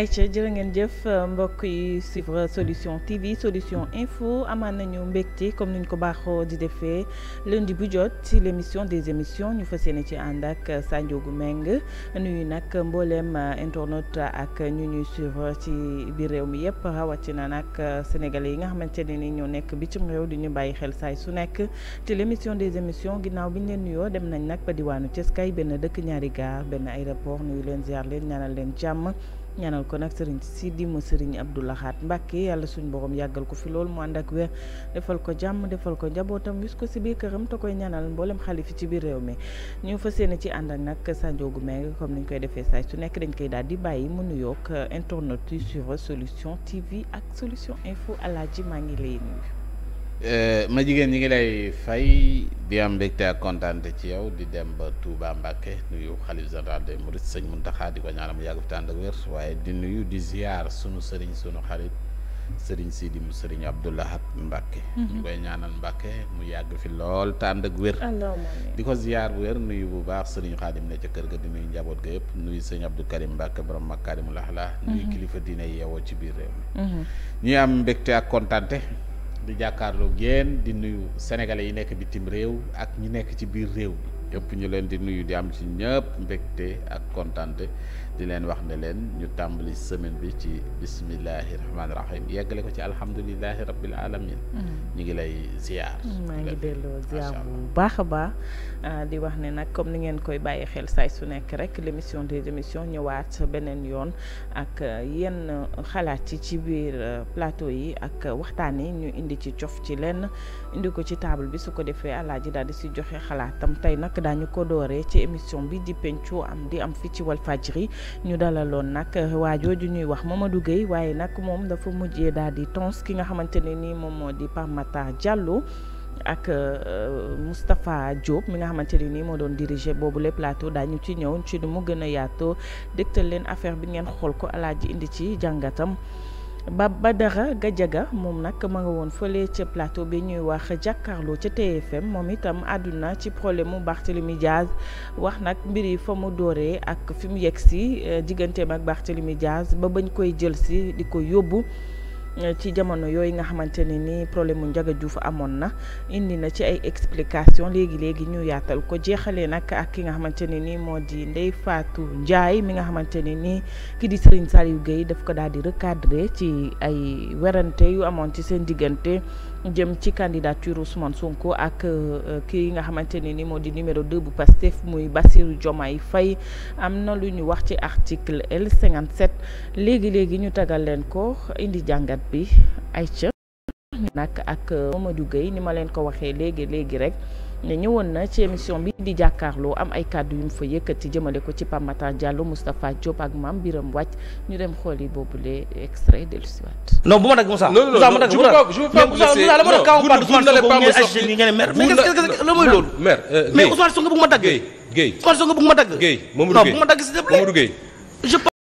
Aïcha jërë ngeen jëf mbokk yi suivre solution TV solution info amaan nañu mbégte comme niñ ko baaxoo di defee leen di bu jot ci l' émission des émissions ñu fas yéene ci ànd ak Sanjogu Meng nuyu nag mbooleem internaute ak ñu ñuy suivre ci biir réew mi yëpp rawatina nag sénégalais yi nga xamante ne ni ñoo nekk bi ci réew di ñu bàyyi xel saay su nekk ci l' émission des émissions ginnaaw bi ñu leen nuyoo dem nañ nag ba diwaanu Ceskaay benn dëkk ñaari gaar benn aéroport nuyu leen ziar leen ñaanal leen jàmm. ñanal ko nag sëriñ Sidi ma sëriñ Abdou Lahad Mbacke yàlla suñu borom yàggal ko fi loolu mu ànd ak wér defal ko jàmm defal ko njabootam wis ko si biir këram te koy ñanal mbooleem xalifi ci biir réew mi ñu fas yéene ci ànd ak nag Sandiogou Mbengue comme ñu koy defee saay su nekk dañ koy daal di bàyyi mu nuyoog euh, internet yi sur solution TV ak solution info alaaji maa ngi lay Eh, ma jigéen ñi ngi lay fay di am mbégte ak kontaante ci yow di dem ba Touba Mbacké nuyu xalif général des mourides sëñ di ko ñaanal mu yàgg fi tànd ak waaye di nuyu di ziar sunu sëriñ sunu xarit sëriñ Sidi sëriñ Abdou Lahad Mbacké mhm. ñu koy ñaanal Mbacké mu yàgg fi lool tànd ak wér di ko ziar bu wér nuyu bu baax sëriñ Xaadim ne ca kër ga di nuyu njaboot ga yëpp nuyu sëñ Abdou Karim Mbacké borom Makaarimul Axlaaq nuyu mhm. kilifa diine yeewoo ci biir réew mi mhm. am mbégte ak kontaante di jàkkaarloo génn di nuyu sénégalais yi nekk bitim réew ak ñi nekk ci biir réew bi yëpp ñu leen di nuyu di am ci ñëpp te ak kontante di leen wax ne leen ñu tàmbali semaine bi ci bismillahi rahmaani rahim yeggale ko ci alhamdulillahi rabbil alamin mm-hmm. ñu ngi lay ziar mm-hmm. maa ngi delloo ziar bu baax a baax Ah, di wax ne nag comme ni ngeen koy bàyyi xel saay su nekk rek l'émission des émissions ñëwaat beneen yoon ak ah, yenn xalaat yi ci biir ah, plateau yi ak waxtaan yi ñu indi ci cof ci lenn indi ko ci taabal bi su ko defee alaaji daal di si joxe xalaatam tey nag daañu ko dooree ci émission bi di penco am di am fi ci Walfadjri ñu dalaloon nag waa jooju ñuy wax Mamadou duggee waaye nag moom dafa mujjee daal di tons ki nga xamante ne nii moom moo di Pape Matar ak euh, mustafa Diop mi nga xamante ni nii moo doon diriger boobu le plateau daañu ci ñëw ci nu mu gën a yaatoo dégtal leen affaire bi ngeen xool ko alaaji indi ci jàngatam ba ba Badara Gajaga moom nag ma nga woon fële ca plateau bi ñuy wax jàkkaarloo ca TFM moom itam àdduna ci problème mu Barthélemy Diaz wax nag mbir yi fa mu dooree ak fi mu yegg si euh, digganteem ak Barthélemy Diaz ba bañ koy jël si di ko yóbbu. ci jamono yooyu nga xamante ne ni problème mu Ndiaga Diouf amoon na indi na ci ay explication léegi léegi ñu yaatal ko jeexalee nag ak ki nga xamante ne ni moo di ndey Fatou Ndiaye mi nga xamante ne ni kii di Serigne Saliou Gueye daf ko daal di recadrer ci ay werante yu amoon ci seen diggante. jëm ci candidature Ousmane Sonko ak euh, kii nga xamante ne ni moo di numéro 2 bu Pastef muy Bassirou Diomaye fay am na lu ñu wax ci article L57 léegi léegi ñu tagal leen ko indi jàngat bi ay ca nag ak euh, Mamadou Gueye ni ma leen ko waxee léegi léegi rek. ne ñëwoon na ci émission bi di jàkkaarloo am ay kàddu yu fa yëkkati jëmale ko ci Pape Matar Diallo Moustapha Diop ak Mame Birame Wathie ñu dem xooli boobule extrait dellu si waat. non bu ma dagg Moussa. non non non je veux pas je veux pas vous laisser non vous vous n'allez pas me sortir mais qu'est-ce que la mooy loolu. maire euh, mais Ousmane Sonko bëgg ma dagg. Guèye Guèye Ousmane Sonko bëgg ma dagg. Guèye Mamadou Guèye bu ma dagg si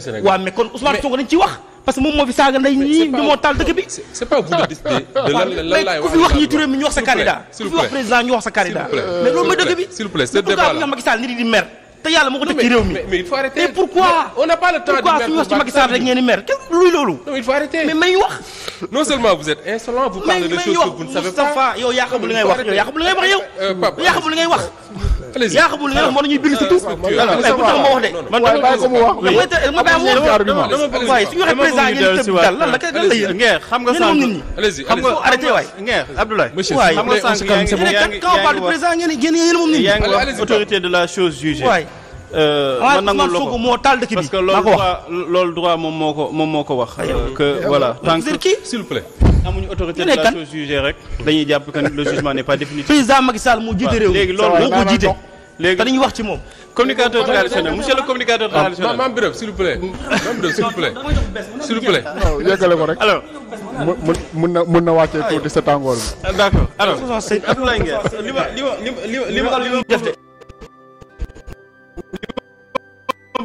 c'est le kon Ousmane Sonko dañ ci wax. parce que moom moo fi saaga ndey ñii ñu taal dëkk bi. c'est ku fi wax ñi turé mi ñu wax sa candidat. ku fi wax dëkk bi. s'il vous plaît ce débat wax ci Macky rek ngeen di mer kenn luy loolu. non il wax. non seulement vous êtes insolent vous parlez ngay wax yow yaa xamul ngay wax yow. Pape yaa xamul ngay wax. plaisir yaa xamul nga moo nañuy bind si tout. alors bu tax ma wax de. man dama ko mu wax ma bàyyi mu wax waaye su ñu waxee président ngeen tëb dal lan la kay lan la yëg ngeen xam nga sànq xam nga arrêté waay ngeen Abdoulaye waay xam nga sànq quand on parle du président ngeen ngeen yéen moom nit ñi autorité de la chose jugée waay Euh, ma nangul la ko moo taal dëkk bi parce que loolu droit loolu droit moom moo ko moom moo ko wax. Euh, que voilà tant que s'il autorité la chose rek. dañuy jàpp que le jugement n'est pas définitif. président Macky Sall jiite réew loolu moo ko jiite. léegi dañuy wax ci moom. communicateur traditionnel monsieur le communicateur traditionnel. maam Birame s'il vous plaît. maam Birame s'il vous plaît. s'il vous plaît. non yeggale na mun tuuti sa tàngoor bi. Ah, d'accord alors Abdoulaye Nguer li ma li ma li ma li ma.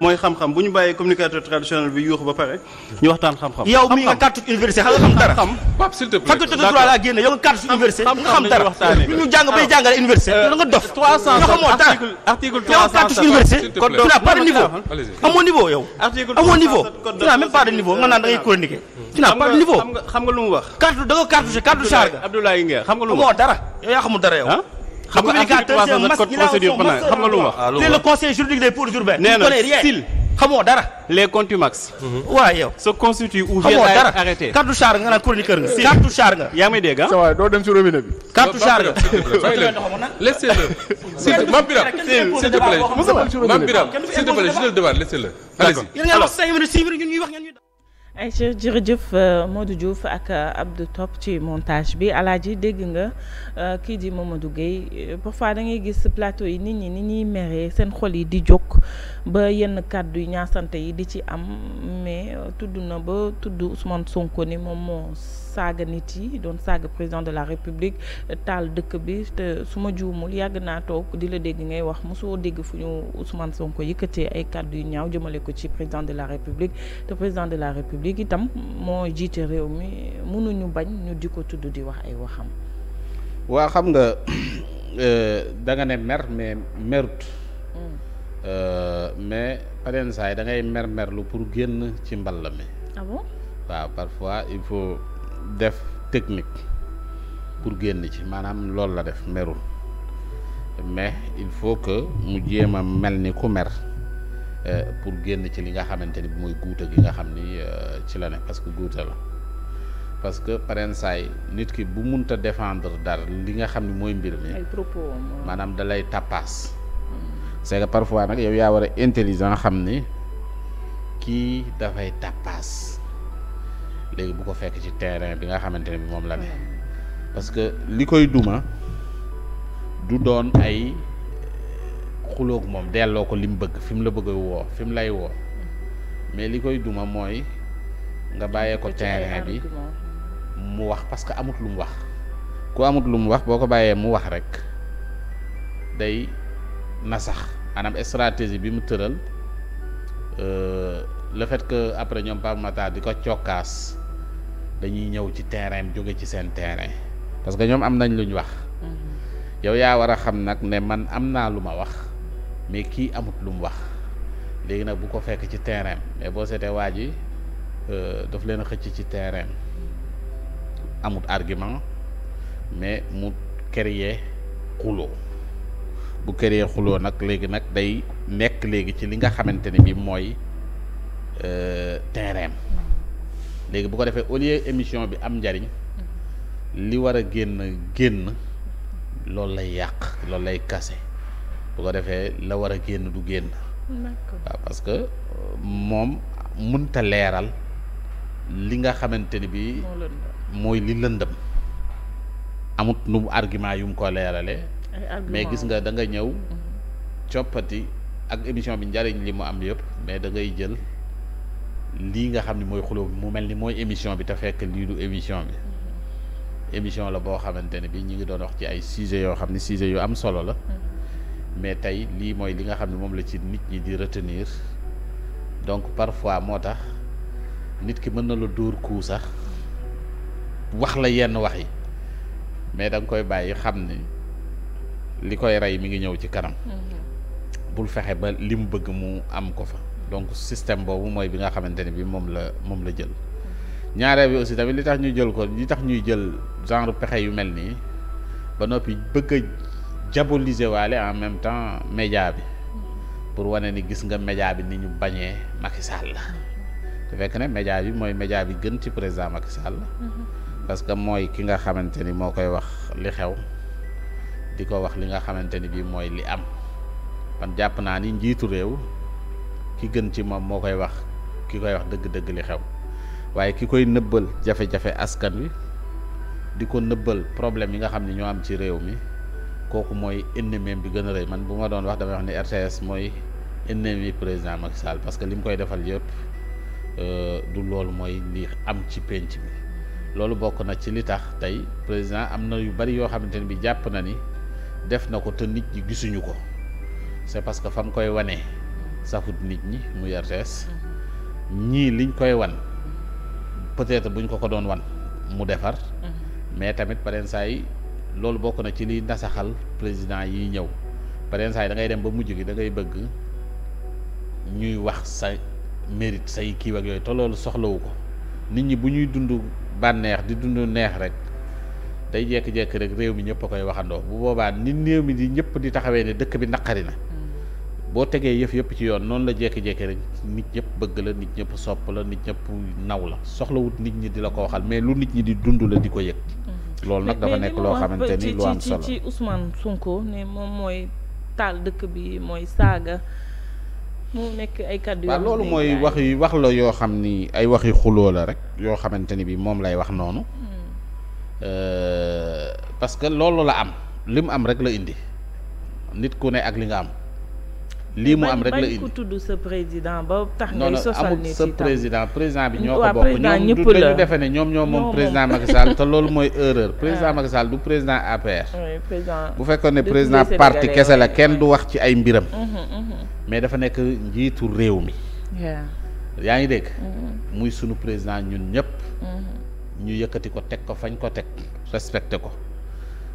mooy xam-xam bu ñu bàyyee communicateur traditionnel bi yuux ba pare ñu waxtaan xam-xam. yow mi nga kàttu université xam nga xam dara. xam de droit laa génne yow nga kàttu université. nga xam dara ñu jàng bay jàngale université. Euh, nga dof nga xamoo dara article yow nga kàttu université. niveau. amoo niveau yow. amoo niveau tu xam nga lu mu wax. kàttu da nga si kàttu charge. xam nga lu mu wax amoo dara yow yaa xamul dara yow xam nga communicateur c'est un masque, il a son master xam nga lu wax c'est le conseil juridique des pour Diourbel nee na s'il xamoo dara les contumax waaw yow se constitue ou vient à arrêter carte char nga naan chroniqueur nga carte char nga yaa ngi doo dem ci robinet bi char nga laissez-le s'il te plaît Mame Birame s'il ay Aïcha jërëjëf euh, Modou Diouf ak euh, abdu Top ci montage bi yi dégg nga euh, kii di Mamadou Guèye parfois da ngay gis plateau yi nit ñi nit ñuy meree seen xol yi di jóg ba yenn kàddu yi ñaasante yi di ci am mais tudd na ba tudd Ousmane Sonko ni moom moo saaga nit yi doon saaga président de la république taal dëkk bi te su ma juumul yàgg naa toog di la dégg ngay wax mosoo dégg fu ñu Ousmane Sonko yëkkatee ay kàddu yu ñaaw jëmale ko ci président de la république te président de la république itam moo jiite réew mi mënuñu bañ ñu di ko tudd di wax ay waxam. waa xam nga euh, da nga ne mer mais merut. Mm. Euh, mais pareen saa yi da mer merlu pour génn ci mbal mi. ah bon parfois il faut. def technique pour génn ci maanaam loolu la def merul mais il faut que mu jéem a mel ni ku mer euh, pour génn ci li nga xamante ni bi mooy guuta gi nga xam ni euh, ci la ne parce que guuta la parce que parensaay nit ki bu munta défendre dara li nga xam ni mooy mbir mi maanaam da lay tappaas hmm. c'est que parfois nag yow yaa war a intelligent xam ni kii dafay tappaas léegi bu ko fekk ci terrain bi nga xamante ne bi moom la ne mm. parce que li koy duma du doon ay xuloog moom delloo ko li mu bëgg fi mu la bëgg woo fi mu lay woo mais li koy duma mooy nga bàyyee ko terrain bi mu wax parce que amut lu mu wax ku amut lu mu wax boo ko bàyyee mu wax rek day nasax maanaam stratégie bi mu tëral euh, le fait que après ñoom Pape Matar di ko cokkaas dañuy ñëw ci terrain jóge ci seen terrain parce que ñoom am nañ lu ñu wax. yow yaa war a xam nag ne man am naa lu ma wax mais kii amut lu mu wax léegi nag bu ko fekk ci terrain mais boo seetee waa ji euh, daf leen a xëcc ci terrain amut argument mais mu créer xuloo bu kër yee xuloo nag léegi nag day nekk léegi ci li nga xamante ne bi mooy euh, terrain. léegi bu ko defee au lieu émission bi am njariñ li war a génn génn loolu lay yàq loolu lay kase bu ko defee la war a génn du génn waaw parce que moom munta leeral li nga xamante ni bi mooy li lëndëm amut nu argument yu mu ko leerale mais gis nga da nga ñëw mm-hmm. coppati ak émision bi njariñ li mu am yëpp mais da ngay jël lii nga xam ne mooy xuloo mu mel ni mooy émission bi te fekk lii du émission bi émission la boo xamante ne bii ñu ngi doon wax ci ay sujet yoo xam ne sujet yu am solo la mm-hmm. mais tey lii mooy li nga xam ne moom la ci nit ñi di retenir donc parfois moo tax nit ki mën na la dóor kuu sax wax la yenn wax yi mais danga koy bàyyi xam ni li koy rey mi ngi ñëw ci kanam mm-hmm. bul fexe ba li mu bëgg mu am ko fa donc système boobu mooy bi nga xamante ne bi moom la moom la jël ñaareel bi aussi tamit li tax ñu jël ko li tax ñuy jël genre pexe yu mel nii ba noppi bëgg a diaboliser waale en même temps média bi pour wane ni gis nga média bi ni ñu bañee Macky Sall la su fekk ne média bi mooy média bi gën ci président Macky parce que mooy ki nga xamante ni moo koy wax li xew di ko wax li nga xamante ni bii mooy li am man jàpp naa ni njiitu réew ki gën ci moom moo koy wax ki koy wax dëgg-dëgg li xew waaye ki koy nëbbal jafe-jafe askan wi di ko nëbbal problème yi nga xam ne ñoo am ci réew mi kooku mooy ennemi bi gën a rey man bu ma doon wax damay wax ni RTS mooy ennemi président Macky Sall parce que li mu koy defal yëpp euh, du loolu mooy li am ci penc bi loolu bokk na ci li tax tey président am na yu bari yoo xamante ne bi jàpp na ni def na ko te nit ñi gisuñu ko c'est parce que fa mu koy wanee safut nit ñi muy RTS ñii liñ koy wan peut-être buñ ko ko doon wan mu defar mais tamit pareen saa loolu bokk na ci liy nasaxal président yi ñëw pareen saa da ngay dem ba mujj gi dangay bëgg ñuy wax sa mérite say kii ak yooyu te loolu soxlawu ko nit ñi bu ñuy dund bànneex di dund neex rek day jekk-jekk rek réew mi ñëpp a koy waxandoo bu boobaa nit réew mi di ñëpp di taxawee ne dëkk bi naqari na boo tegee yëf yëpp ci yoon noonu la jékki-jékki rek nit ñëpp bëgg la nit ñëpp sopp la nit ñëpp naw la soxlawut nit ñi di la ko waxal mais lu nit ñi di dund la di ko yëg. Mhm. loolu nag dafa nekk loo xamante ni lu am solo moom mooy taal dëkk bi mooy saaga. mu nekk ay kàddu waaw loolu mooy wax yu wax la yoo xam ni ay waxi xuloo la rek yoo xamante ni bi moom lay wax noonu hmm. euh, parce que loolu la am li mu am rek la indi nit ku ne ak li nga am lii mu am rek la indi bañ tudd sa président ba tax ngay sosal nit sa président président bi ñoo ko bokk ñoom du dañu defe ne ñoom ñoo moom président Macky Sall te loolu mooy erreur président ah. Macky Sall du président APR bu fekkoon ne président parti kese la kenn du wax ci ay mbiram mais dafa nekk njiitu réew mi yaa ngi dégg muy sunu président ñun ñëpp ñu yëkkati ko teg ko fañ ko teg respecté ko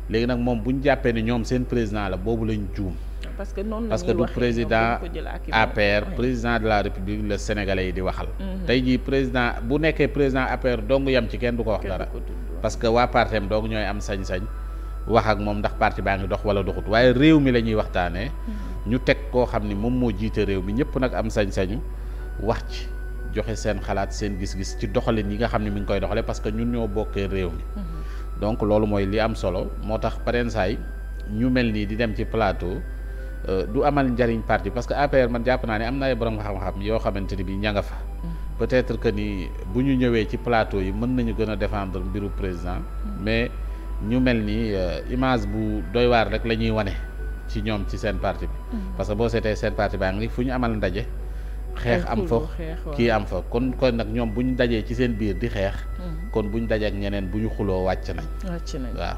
léegi nag moom bu ñu jàppee ne ñoom seen président la boobu lañ juum parce que noonu parce que du président APR président de la république le sénégalais yi di waxal. Mhm. tey jii président bu nekkee président APR dong yam ci kenn du ko wax dara. parce que waa partem dong ñooy am sañ-sañ wax ak moom ndax parti baa ngi dox wala doxut waaye réew mi la ñuy waxtaanee. Mhm. ñu teg koo xam ni moom moo jiite réew mi ñëpp nag am sañ-sañu wax ci joxe seen xalaat seen gis-gis ci doxalin yi nga xam ne mi ngi koy doxalee parce que ñun ñoo bokkee réew mi. Mhm. donc loolu mooy li am solo moo tax pareen saay ñu mel nii di dem ci plateau. Euh, du amal njariñ parti parce que APR man jàpp naa ne am na ay borom xam-xam yoo xamante ni bi ña nga fa. Mm-hmm. peut-être que nii bu ñu ñëwee ci plateau yi mën nañu gën a défendre mbiru président. Mm-hmm. mais ñu mel ni euh, image bu doy waar rek la ñuy wane ci ñoom ci seen parti bi. Mm-hmm. parce que boo seetee seen parti baa ngi fu ñu amal ndaje. xeex am fa kii am fa kon kon nag ñoom bu ñu dajee ci seen biir di xeex. kon bu ñu dajee ak ñeneen bu ñu xuloo wàcc nañ. wàcc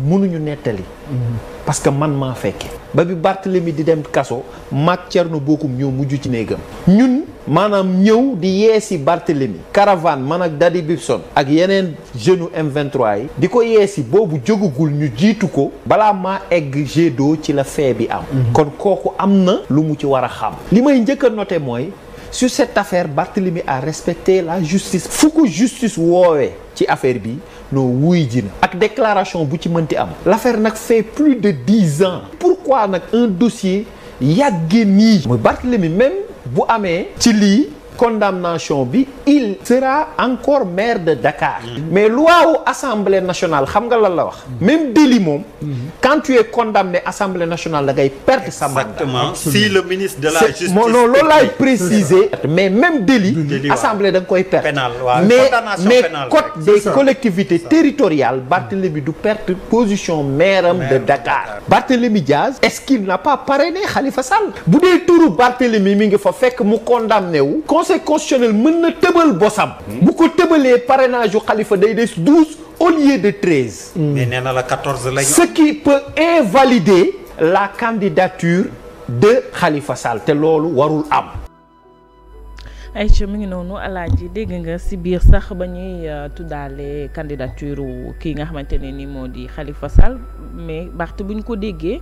mënuñu nettali. parce que man maa fekke ba bi Barthélemy di dem kaso maag Thierno Bocoum ñoo mujj ci néegam ñun maanaam ñëw di yeesi Barthélemy caravane man ak Dadi Bibson ak yeneen jeune M23 yi di ko yeesi boobu jógagul ñu jiitu ko balaa maa egg g ci la fee bi am mhm. kon kooku am na lu mu ci war a xam li may njëkk a noté mooy sur cette affaire Barthélemy a respecte la justice fu ko justice woowee ci affaire bi non wuy ji na ak déclaration bu ci mënti am l'affaire nag fait plus de dix ans pourquoi nag un dossier yàgge nii mu Barthélemy même bu amee ci lii condamnation bi il sera encore maire de Dakar mais lu wu assemblée nationale xam nga lan la wax même délit moom quand tu es condamné assemblée nationale da ngay perdre sa mandat si le ministre de la justice non loolu laay préciser mais même délit assemblée da nga koy perdre mais mais code des collectivités territoriales mm. Barthélémy du perdre position maire de Dakar Barthélémy Diaz est-ce qu'il n'a pas parrainé Khalifa Sall bu dee turu Barthélémy mi ngi fa fekk mu conseil constitutionnel mën na tëbal bosam. bu ko tëbalee parrainage yu Khalifa day des douze au lieu de treize. Mm. nee na la quatorze lañu. ce qui peut invalider la candidature de Khalifa Sall te loolu warul am. ay Aïcha mi ngi noonu ji dégg nga si biir sax ba ñuy euh, tuddaale wu kii nga xamante ne ni moo di Khalifa Sall mais baxte bu ñu ko déggee.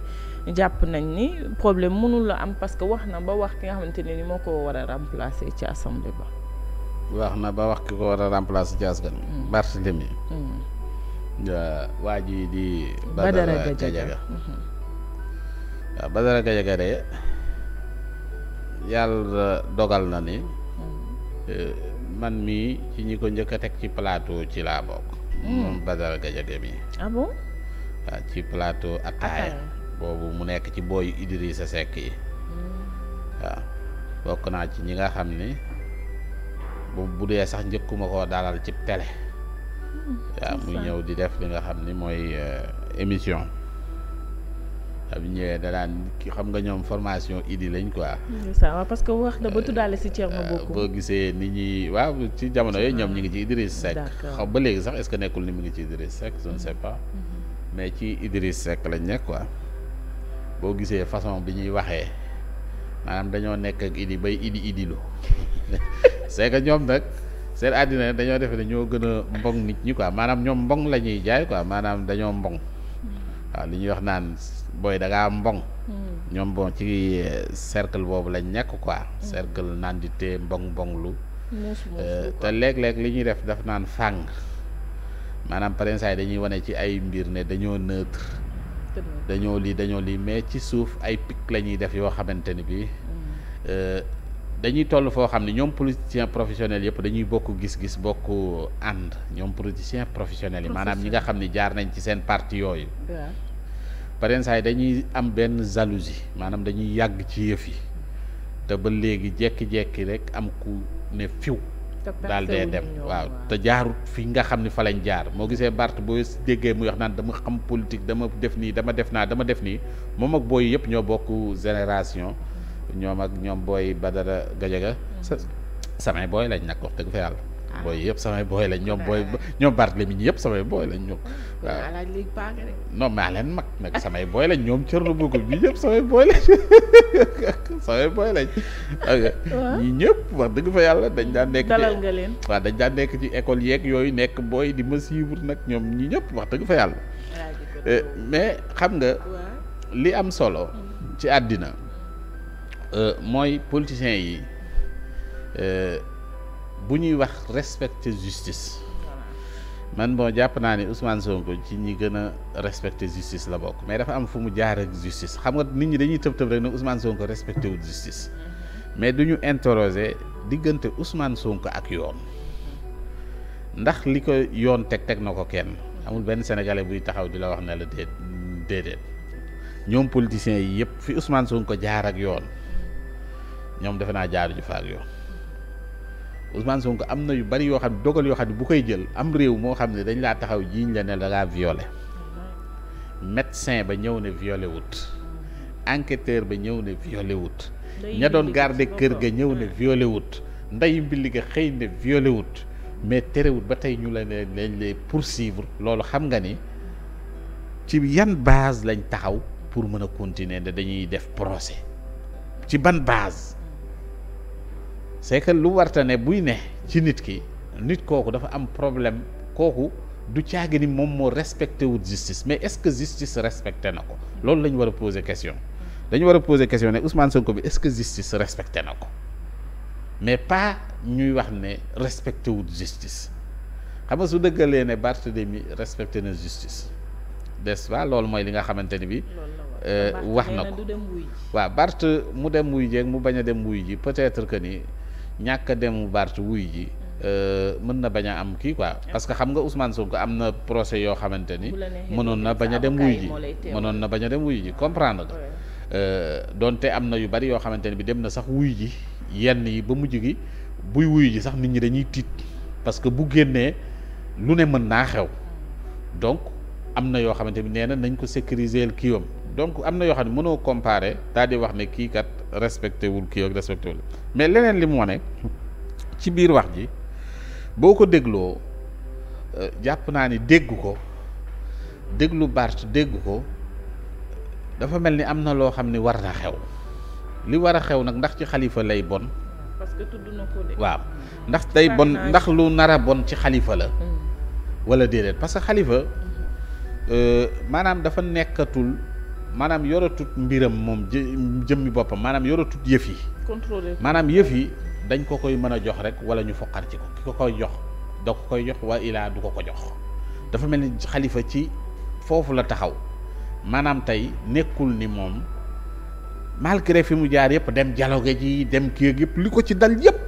jàpp nañ ni problème mënul la am parce que wax na ba wax ki xamante ni moo ko war a remplacer ci assemblée ba. wax na ba wax ki ko war a remplacer ci askan wi. Mm. Barthélemy. Mm. waa ji di. Badara Gadiaga mm-hmm. waaw Badara Gadiaga de yàlla dogal na ni. Mm. Eh, man mii ci ñi ko njëkk a teg ci palaato ci laa bokk. moom Badara Gadiaga mii. ah bon. ci plateau Ataaya. boobu mu nekk ci booy booyu Idrissa Seck yi waaw bokk naa ci ñi nga xam ni bu bu dee sax njëkkuma koo dalal ci télé waaw muy ñëw di def li nga xam ni mooy euh, émission bi ñëwee da daan ki xam nga ñoom formation idi lañ quoi. waaw parce que wax na ba euh, tuddaale si Thierno bokk. boo gisee ni ñi waaw ci jamono yooyu ñoom ñu ngi ci Idriss Seck. xaw ba léegi sax est-ce que nekkul ni mu ngi ci Idriss Seck je ne sais pas. Mm-hmm. mais ci Idriss Seck lañ nekk quoi. boo gisee façon bi ñuy waxee maanaam dañoo nekk ak idi bay idi idilu c'est que ñoom nag seen àddina dañoo defe ne ñoo gën a mboŋ nit ñi quoi maanaam ñoom mboŋ lañuy jaay quoi maanaam dañoo mboŋ waaw li ñuy wax naan booy da ngaa mboŋ hmm. ñoom bon ci euh, cercle boobu lañ nekk quoi hmm. cercle nandité mboŋ mboŋ lu euh, te léeg-léeg li ñuy def daf naan fàng maanaam parents dañuy wane ci ay mbir ne dañoo neutre dañoo lii dañoo lii mais ci suuf ay pic la ñuy def yoo xamante ni bi mm. euh, dañuy toll foo xam ne ñoom politiciens professionnels yëpp dañuy bokk gis-gis bokk ànd ñoom politiciens professionnels yi maanaam ñi nga xam ne jaar nañ ci seen parti yooyu pareen saa yi dañuy am benn jalousie maanaam dañuy yàgg ci yëf yi te ba léegi jekki-jekki rek am ku ne fiw daal dee dem waaw te jaarut fi nga xam ni fa lañ jaar moo gisee barte boo déggee mu wax naan dama xam politique dama def nii dama def naa dama def nii moom ak booy yëpp ñoo bokk génération mm-hmm. ñoom ak ñoom booy Badara Gajaga mm-hmm. samay booy lañ nag te dëgg fa yàlla Ah. booy yëpp samay booy lañ ñoom booy ñoom Barthélémy ñi yëpp samay booy lañ ñoom waaw non maa leen mag nag samay booy lañ ñoom Thierno Bocoum bi ñëpp samay booy lañ samay booy ñëpp wax dëgg fa yàlla dañ daan nekk dalal nga leen waaw dañ daan nekk ci école yeeg yooyu nekk booy di ma suivre nag ñoom ñu ñëpp wax dëgg fa yàlla eh, mais xam nga li am solo mm. ci àddina euh, mooy politiciens yi euh, bu ñuy wax respecter justice man bon jàpp naa ne Ousmane Sonko ci ñi gën a respecter justice la bokk mais dafa am fu mu jaar ak justice xam nga nit ñi dañuy tëb tëb rek ne Ousmane Sonko respecté wul justice mais du ñu interroger diggante Ousmane sonk ak yoon ndax li ko yoon teg teg na ko kenn amul benn sénégalais buy taxaw di la wax ne la déet déedéet ñoom politiciens yi yëpp fi Ousmane Sonko jaar ak yoon ñoom defe naa jaaru ju fa ak yoon. Ousmane Sonko am na yu bari yoo xam ne dogal yoo xam ne bu koy jël am réew moo xam ne dañ laa taxaw jiiñ la ne da ngaa médecin ba ñëw ne violé wut enquêteur ba ñëw ne violé wut ña doon garder kër ga ñëw ne violé wut ndeyu mbilli ga xëy ne violé wut mais terewut ba tey ñu la ne lañ lay poursuivre loolu xam nga ni ci yan base lañ taxaw pour mën a continuer ne dañuy def procès ci ban base c'est que lu warta ne buy ne ci nit ki nit kooku dafa am problème kooku du caagi ni moom moo respecté wut justice mais est-ce que justice respecté na ko loolu lañu ñu war a poser question dañu war a poser question ne Ousmane Sonko bi est-ce que justice respecté na ko mais pas ñuy wax ne respecté wut justice xam su dëggalee ne Barthélemy respecté na justice n'est-ce pas loolu mooy li nga xamante ni bi euh, wax na ko waa Barth mu dem wuy ji mu bañ a dem wuy ji peut-être que ni ñàkk a dem Barth wuy ji euh, mën na bañ a am kii waaw parce que xam nga Ousmane Sonko am na procès yoo xamante ni mënoon na bañ a dem wuy ji mënoon na bañ a dem wuy ji comprendre nga euh, donte am na yu bari yoo xamante ni bi dem na sax wuy ji yenn yi ba mu gi buy wuy ji sax nit ñi dañuy tiit parce que bu génnee lu ne mën naa xew donc am na yoo xamante ni nee na nañ ko sécuriser kiiwam donc am na yoo xam ne mënoo comparer daal di wax ne kii kat respecté wul kii ak mais leneen li mu ne ci biir wax ji boo ko dégloo euh, jàpp naa ni dégg ko déglu Barth dégg ko dafa mel ni am na loo xam ni war na xew li war a xew nag ndax ci xalifa lay bon. waaw ndax day bon ndax lu nar a bon ci xalifa la. Mm. wala déedéet parce que xalifa mm-hmm. euh, maanaam dafa nekkatul. maanaam yoratut mbiram moom jëmmi boppam maanaam yoratut yëf yi. contrôlé maanaam yëf yi dañ ko koy mën a jox rek wala ñu foqar ci ko koy jox da ko koy jox waa ilaa du ko ko jox dafa mel ni xalifa ci foofu la taxaw maanaam tey nekkul ni moom malgré fi mu jaar yëpp dem dialogue ji dem kii ak yëpp li ko ci dal yëpp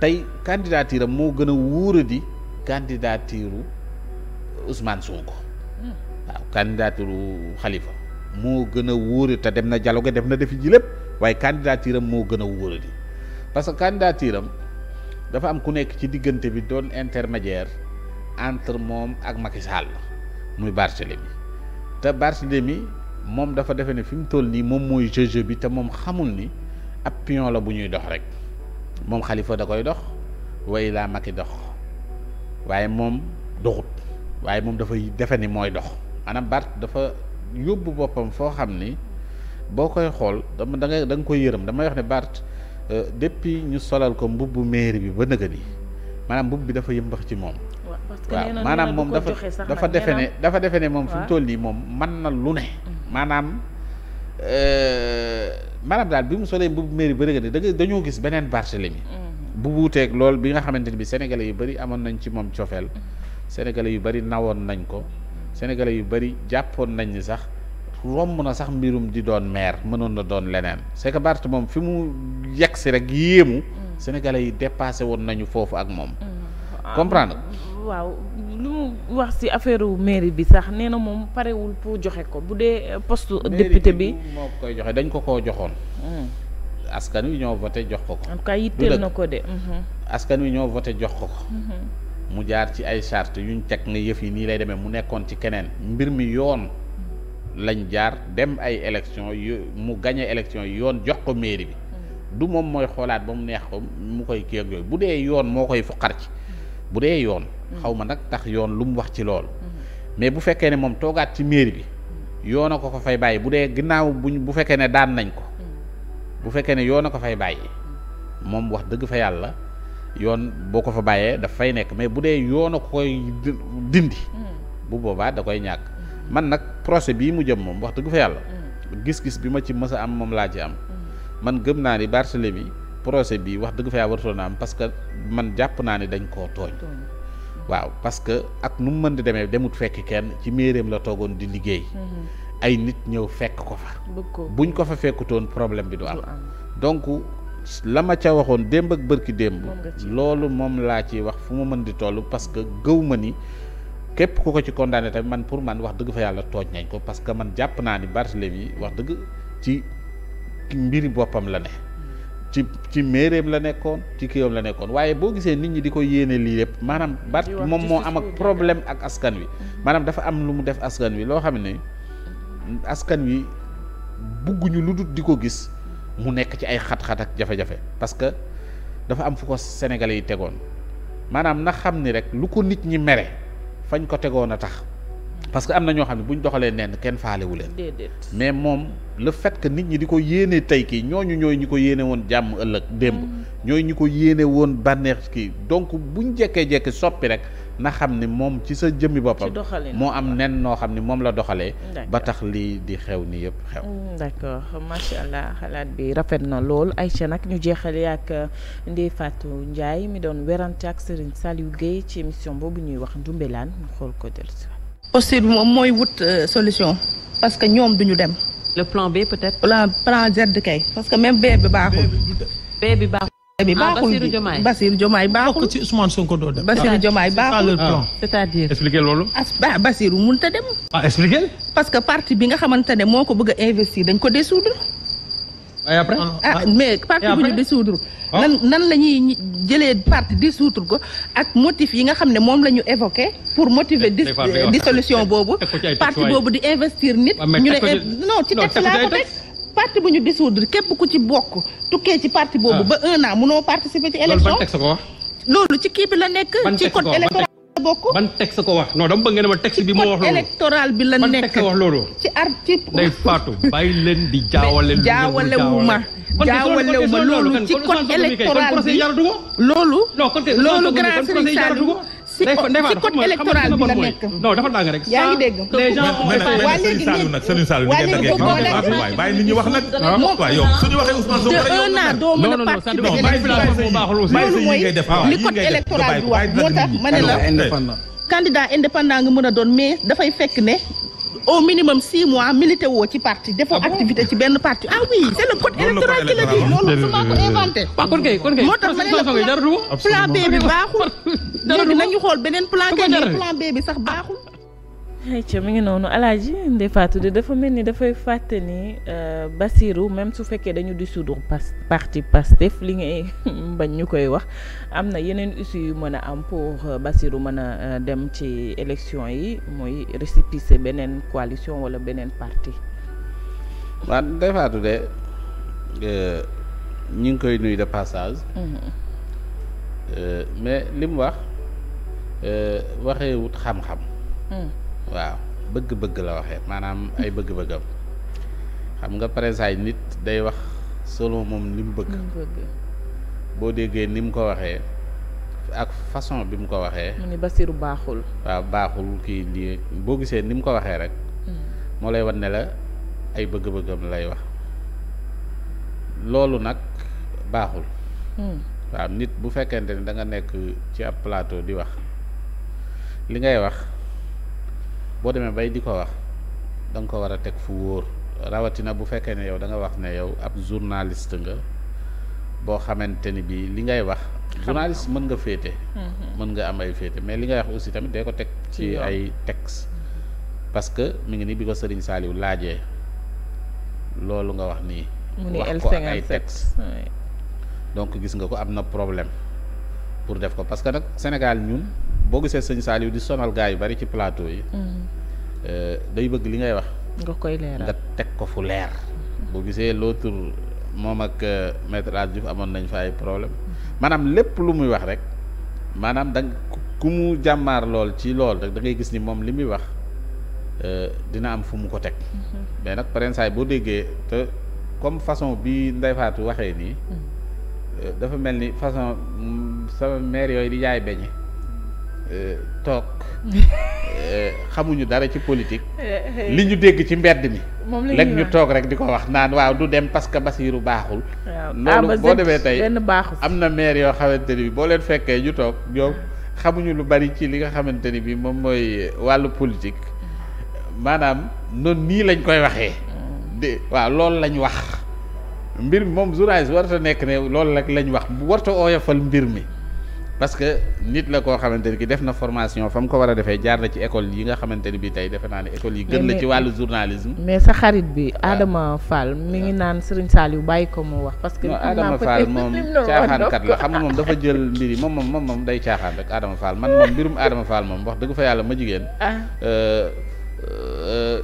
tey candidature am moo gën a wóora di candidature Ousmane Sonko hmm. waaw candidature xalifa moo gën a wóori te dem na dialogue def na defi ji lépp waaye candidature moo gën a wóori di parce que candidature dafa am ku nekk ci diggante bi doon intermédiaire entre moom ak Macky Sall muy Barthélemy te Barthélemy moom dafa defe ne fi mu toll nii moom mooy jeu bi te moom xamul ni ab pion la bu ñuy dox rek moom xalifa da koy dox way laa Macky dox waaye moom doxut waaye moom dafay defe ni mooy dox maanaam Barth dafa yóbbu boppam foo xam ni boo koy xool dama da ngay da koy yërëm damay wax ne Bart euh, depuis ñu solal ko mbubbu mairie bi ba nëgë ni maanaam mbubb bi dafa yëmbax ci moom. waaw maanaam moom dafa dafa defe ne dafa defe ne moom fi mu toll moom man na lu ne. Mm-hmm. maanaam euh, maanaam daal bi mu solee mbubbu mairie bi ba nëgë ni da dañoo gis beneen Barthélemy mm-hmm. bu wuuteeg lool bi nga xamante ni bi sénégalais yu bari amoon nañ ci moom cofeel mm-hmm. sénégalais yu bari nawoon nañ ko sénégalais yu bëri jàppoon nañ ni sax romb na sax mbirum di doon maire mënoon na doon leneen c'est que Barth moom fi mu yegg si rek yéemu. Mm. sénégalais yi dépassé woon nañu foofu ak moom. Mm. Ah, comprendre waaw lu mu wax ci affaire mairie bi sax nee na moom parewul pour joxe ko bu dee poste député bi moo koy joxe dañ ko ko joxoon mm. askan wi ñoo voté jox ko ko en yitteel na ko de mm-hmm. askan wi ñoo voté jox ko ko mm-hmm. mu jaar ci ay yu ñu teg ne yëf yi nii lay demee mu nekkoon ci keneen mbir mi yoon lañ jaar dem ay élection yu mu gañe élection yi yoon jox ko mairie bi du moom mooy xoolaat ba mu neex ko mu koy kii ak yooyu bu dee yoon moo koy fuqar ci bu dee yoon xaw ma nag tax yoon lu mu wax ci loolu mais bu fekkee ne moom toogaat ci mairie bi yoon a ko ko fay bàyyi bu dee ginnaaw buñ bu fekkee ne daan nañ ko bu fekkee ne yoon a ko fay bàyyi moom wax dëgg fa yàlla yoon boo ko fa bàyyee dafay nekk mais bu dee yoon a koy dindi hmm. bu boobaa da koy ñàkk man nag procès bii mu jëm moom wax dëgg fa yàlla hmm. gis-gis bi ma ci mës am moom laa ci am hmm. man gëm naa ni Barthélemy procès bi wax dëgg fa yàlla wartoon na am parce que man jàpp naa ni dañ koo tooñ waaw parce que ak nu mu mën di demee demut fekk kenn ci méeréem la toogoon di liggéey ay nit ñëw fekk ko fa buñ ko fa fekkutoon problème bi du am la ma ca waxoon démb ak bërki démb loolu moom laa ci wax fu ma mën di toll parce que gëw ma ni képp ku ko ci condamné tamit man pour man wax dëgg fa yàlla tooñ nañ ko parce que man jàpp naa ni yi wax dëgg ci mbiri boppam la ne ci ci méeréem la nekkoon ci kiiwam la nekkoon waaye boo gisee nit ñi di ko yéene lii lépp maanaam Barth moom moo am ak problème ak askan wi mm-hmm. maanaam dafa am lu mu def askan wi loo xam ne askan wi bugguñu lu dul di ko gis mu nekk ci ay xat-xat ak jafe-jafe parce que dafa am fu ko sénégalais yi tegoon maanaam na xam ni rek lu ko nit ñi mere fañ ko tegoon a tax parce que am na ñoo xam ne bu ñu doxalee nenn kenn faalewu leen mais moom le fait que nit ñi di ko yéene tey kii ñooñu ñooy ñi ko yéene woon jàmm ëllëg démb mm. ñooy ñi ko yéene woon bànneex kii donc buñ jekkee-jekki soppi rek na xam ni moom ci sa jëmmi boppam moo am nen noo xam ni moom la doxalee ba tax lii di xew ni yëpp xew mm, d'accord macha allah xalaat bi rafet na lool ay Aïcha nag ñu jeexale ak euh, Ndeye Fatou Ndiaye mi doon werante ak Serigne Saliou Guèye ci émission boobu ñuy wax Ndoumbelane ñu xool ko dellusi posture bi moom mooy wut euh, solution parce que ñoom duñu dem le plan bi peut-être le plan Z parce que même B bi baaxul B bi baaxul bi baaxul bi Bassirou Diomaye ah, ah, baaxul bokk ci Ousmane Sonko doo dem. Ah, baaxul c'est-à-dire. expliquer loolu. as ba Bassirou mënut dem. parce que parti bi nga xamante ne moo ko bëgg a dañ ko dissoudre. ay après ah mais parti bu ñu dissoudre. nan nan la ñuy jëlee parti dissoudre ko ak motif yi nga xam ne moom la ñu évoqué. pour motiver dis dissolution boobu. parti boobu di investir nit. ñu ne eh, non ci texte laa ko teg. parti bu ñu dissoudre képp ku ci bokk tukkee ci parti boobu ah. ba un an munoo participer ci élection loolu ci kii bi la nekk ci code électoral ko wax non dama bëgg ngeen ma texte bi moo wax loolu bi la nekk wax loolu ci article day faatu bàyyi leen di jaawale jaawale wu ma jaawale wu ma loolu ci code électoral bi loolu loolu grand sëriñ Saliou ci code électoral bi la nekk. non dafa dàng rek. yaa ngi dégg les gens waa léegi nag Serigne Sallou nag nit ñi wax nag. waaw yow suñu waxee Ousmane Sonko rek a participer loolu mooy li code électoral bi wax moo tax ma ne la candidat indépendant nga mën a doon mais dafay fekk ne au minimum six mois milité woo ci parti defoo ah activité ci benn parti ah oui c' est le code électoral qui le loolu su maa ko inventé moo tax ma ne la plan B baaxul léegi nañu xool beneen plan kay plan B bi sax baaxul ayca mi ngi noonu alaaji Ndeye Fatou de dafa mel ni dafay fàtte ni euh, Basirou même su fekkee dañu dissoudre pas parti Pastef li ngay bañ ñu koy wax am na yeneen issue yu mën a am pour euh, Basirou mën a euh, dem ci élection yi mooy récépissé beneen coalition wala beneen parti. waaw Ndeye de ñu ngi koy nuyu de passage. Mm-hmm. mais li mu wax waxeewut xam-xam. Mm. waaw bëgg-bëgg la waxee maanaam ay bëgg-bëggam xam nga présage nit day wax solo moom li mu bëgg boo déggee ni mu ko waxee ak façon bi mu ko waxee mu baaxul baaxul kii lii boo gisee ni mu ko waxee rek mm. moo lay wan ne la ay bëgg-bëggam lay wax loolu nag baaxul mm. waaw nit bu fekkente ni danga nekk ci ab plateau di wax li ngay wax boo demee bay di ko wax da nga ko war a teg fu wóor rawatina bu fekkee ne yow da nga wax ne yow ab journaliste nga boo xamante ni bii li ngay wax journaliste mën nga féete mm-hmm. mën nga am ay féete mais li ngay wax aussi tamit day ko teg ci ay texte mm-hmm. parce que mi ngi ni bi ko Serigne Saliou laajee loolu nga wax nii wax ko ay texte donc gis nga ko am na problème pour def ko parce que nag Sénégal ñun boo gisee sëñ Saliou di sonal gaa yu bari ci plateau yi. Mm-hmm. Eh, day bëgg li ngay wax. nga koy leeral nga teg ko fu leer. Mm-hmm. boo gisee l'autre moom ak eh, maître El Hadj amoon nañ fa ay problème mm-hmm. maanaam lépp lu muy wax rek maanaam da ku mu jàmmaar lool ci lool rek da gis ni moom li muy wax eh, dina am fu mu ko teg. mais nag parensaay boo déggee te comme façon bi Ndeye waxee nii. dafa mel ni façon mm, sa mère yooyu di jaay beñe Euh, toog euh, xamuñu dara ci politique. Eh, eh. li ñu dégg ci mbedd mi. léegi ñu toog rek di ko wax naan waaw du dem parce que Basiru baaxul. loolu ah, boo demee tey am na maire yoo xamante ni bi boo leen fekkee ñu toog ñoom xamuñu lu bari ci li nga xamante ni bi moom mooy wàllu politique maanaam noonu nii lañ koy waxee. Mm. de waaw loolu lañ wax mbir moom journaliste warta nekk ne loolu rek lañ wax warta ooyofal mbir mi. parce que nit la koo xamante ni ki def na formation fa mu ko war a defee jaar na ci école yi nga xamante ni bii tey defe naa ne école yi gën la ci wàllu journalisme mais sa xarit bi ah. Adama Fall mi ngi ah. naan Serigne yu bàyyi ko mu wax parce que Adama moom caaxaankat la xam nga moom dafa jël mbir yi moom moom moom moom day caaxaan rek Adama Fall man moom mbirum Adama Fall moom wax dëgg fa yàlla ma jigéen ah. euh, euh,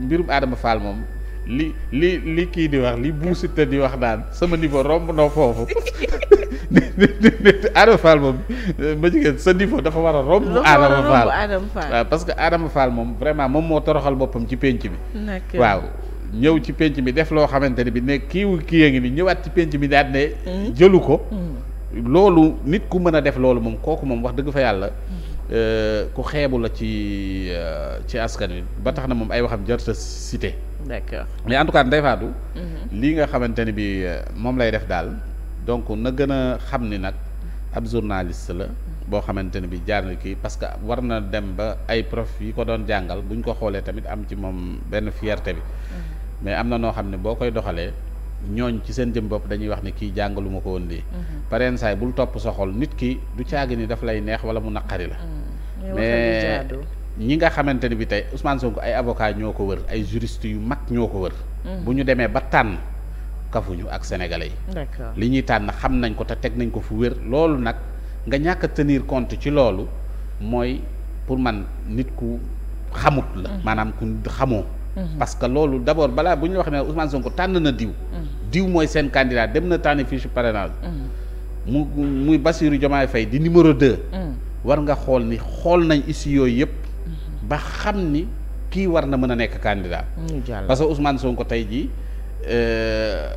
mbirum Adama Fall moom li li li kii di wax li Bou Siteu di wax daan sama niveau romb noo foofu Adama Fall moom ma jigéen sa niveau dafa war a romb Adama Fall waaw parce que Adama Fall moom vraiment moom moo toroxal boppam ci pénc mi waaw ñëw ci pénc bi def loo xamante ne bi ne kiiwu kii a ngi ni ñëwaat ci pénc mi daal ne hmm. jëlu ko hmm. loolu nit ku mën a def loolu moom kooku moom wax dëgg fa yàlla Euh, ku xeebu la ci euh, ci askan wi ba tax na moom ay waxam jarta sa d'accord mais en tout cas Ndeye mhm. lii nga xamante ni bi euh, moom lay def daal donc na gën a xam ni nag ab journaliste la boo xamante ne bi jaar kii parce que war na dem ba ay prof yi ko doon jàngal bu ñu ko xoolee tamit am ci moom benn fierté bi mhm. mais am na noo xam ne boo koy doxalee ñooñ ci seen jëm bopp dañuy wax ne kii jàngalu ma ko woon lii mhm. pareen saay bul topp sa xol nit ki du caagi ni daf lay neex wala mu naqari la mhm. mais ñi nga xamante ni bi tey Ousmane Sonko ay avocat ñoo ko wër ay juriste yu mag ñoo ko wër mhm. bu ñu demee ba tànn kafuñu ak sénégalais yi li ñuy tànn xam nañ ko te teg nañ ko fu wér loolu nag nga ñàkk a tenir compte ci loolu mooy pour man nit ku xamut la maanaam ku xamoo Mhm. parce que loolu d' abord balaa bu ñu la waxee ne Ousmane Sonko tànn na diw. Mhm. diw mooy seen candidat dem na tànn fiche parrainage. Mhm. mu muy Bassirou Diomaye Faye di numéro de war nga xool ni xool nañ ici yooyu yëpp. ba xam ni kii war na mën a nekk candidat. parce que Ousmane Sonko tey jii. Euh,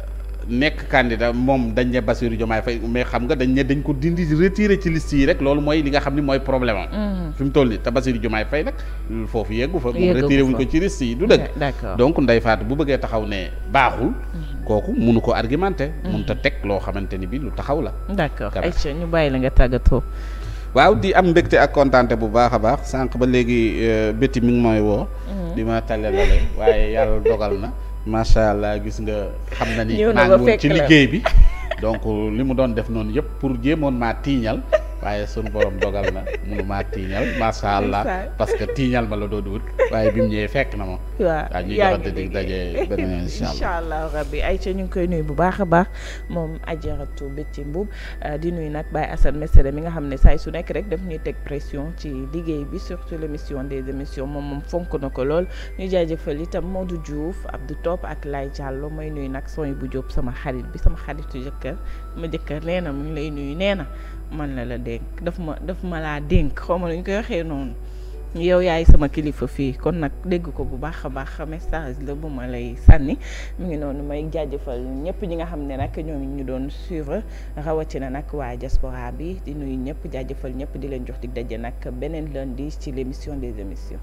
nekk candidat moom dañ ne Bassirou Diomaye Faye mais xam nga dañ ne dañ ko dindi retiré ci liste yi rek loolu mooy li nga xam ni mooy problème am mhm. fi mu toll nii te Bassirou Diomaye Faye nag foofu yeggu fa moom retiré ko ci liste yi du dëgg donc Ndeye Fatou bu bëggee taxaw ne baaxul mhm. kooku munu ko argumenté mhm. mun ta teg loo xamante ni bi lu taxaw la d'accord Aïcha bàyyi la nga tàggatoo waaw di am mbégte ak kontaante bu baax a baax sànq ba léegi euh, bétti mi ngi mooy woo di ma tàllalale waaye yàlla dogal na macha allah gis nga xam na ni maa ci liggéey bi donc li mu doon def noonu yëpp pour jéemoon maa tiiñal waaye sunu borom dogal na munu maa tiiñal macha allah parce que tiiñal ma la doo waaye bi mu ñëwee fekk na ma. waaw ñuy joxante dig daje beneen incha allah ñu ngi koy nuyu bu baax a baax moom ajaratu Béti Mbuub euh, di nuyu nag Baye Assane Mesere mi nga xam ne saay su nekk rek daf ñuy teg pression ci liggéey bi surtout l' émission des émissions moom moom fonk na ko lool ñu jaajëfal itam Modou Diouf Abdou Top ak Lay Diallo mooy nuyu nag sooy bu Diop sama xarit bi sama xaritu jëkkër ma jëkkër nee na mu ngi lay nuyu nee na. man la la dénk daf ma daf ma laa dénk xaw ma ñu koy waxee noonu yow yaay sama kilifa fii kon nag dégg ko bu baax a baax message la bu ma lay sànni mu ngi noonu may jaajëfal ñëpp ñi nga xam ne nag ñoom ñu doon suivre rawatina nag waa diaspora bi di nuyu ñëpp jaajëfal ñëpp di leen jox di daje nag beneen di ci l' émission des émissions.